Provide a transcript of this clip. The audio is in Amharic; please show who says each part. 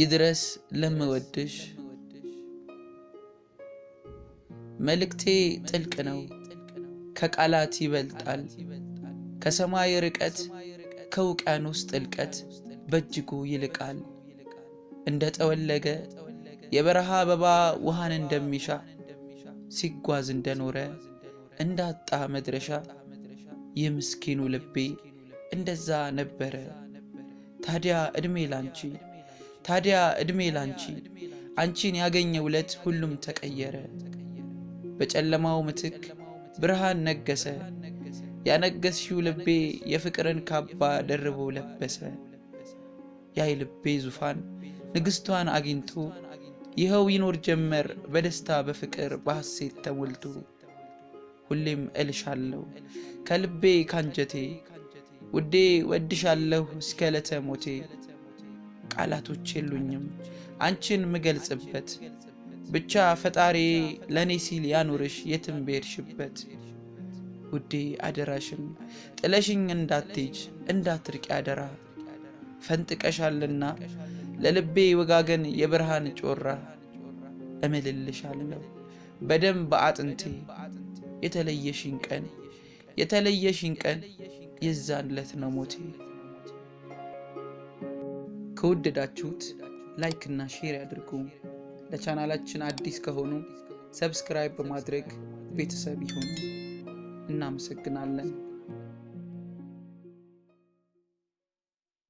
Speaker 1: ይድረስ ለምወድሽ መልእክቴ ጥልቅ ነው፣ ከቃላት ይበልጣል። ከሰማይ ርቀት ከውቅያኖስ ጥልቀት በእጅጉ ይልቃል። እንደ ጠወለገ የበረሃ አበባ ውሃን እንደሚሻ ሲጓዝ እንደኖረ እንዳጣ መድረሻ ይህ ምስኪኑ ልቤ እንደዛ ነበረ። ታዲያ ዕድሜ ላንቺ ታዲያ ዕድሜ ላንቺ አንቺን ያገኘ ውለት ሁሉም ተቀየረ። በጨለማው ምትክ ብርሃን ነገሰ። ያነገስሽው ልቤ የፍቅርን ካባ ደርቦ ለበሰ። ያይ ልቤ ዙፋን ንግሥቷን አግኝቶ ይኸው ይኖር ጀመር በደስታ በፍቅር በሐሴት ተሞልቶ። ሁሌም እልሻለሁ ከልቤ ካንጀቴ ውዴ ወድሻለሁ እስከ ዕለተ ሞቴ ቃላቶች የሉኝም አንቺን ምገልጽበት። ብቻ ፈጣሪ ለእኔ ሲል ያኑርሽ የትም ብሄድሽበት። ውዴ አደራሽን ጥለሽኝ እንዳትጅ እንዳትርቅ አደራ ፈንጥቀሻልና ለልቤ ወጋገን የብርሃን ጮራ እምልልሻለሁ በደም በአጥንቴ የተለየሽን ቀን የተለየሽን ቀን የዛን ዕለት ነው ሞቴ። ከወደዳችሁት ላይክ እና ሼር ያድርጉ። ለቻናላችን አዲስ ከሆኑ ሰብስክራይብ በማድረግ ቤተሰብ ይሁኑ። እናመሰግናለን።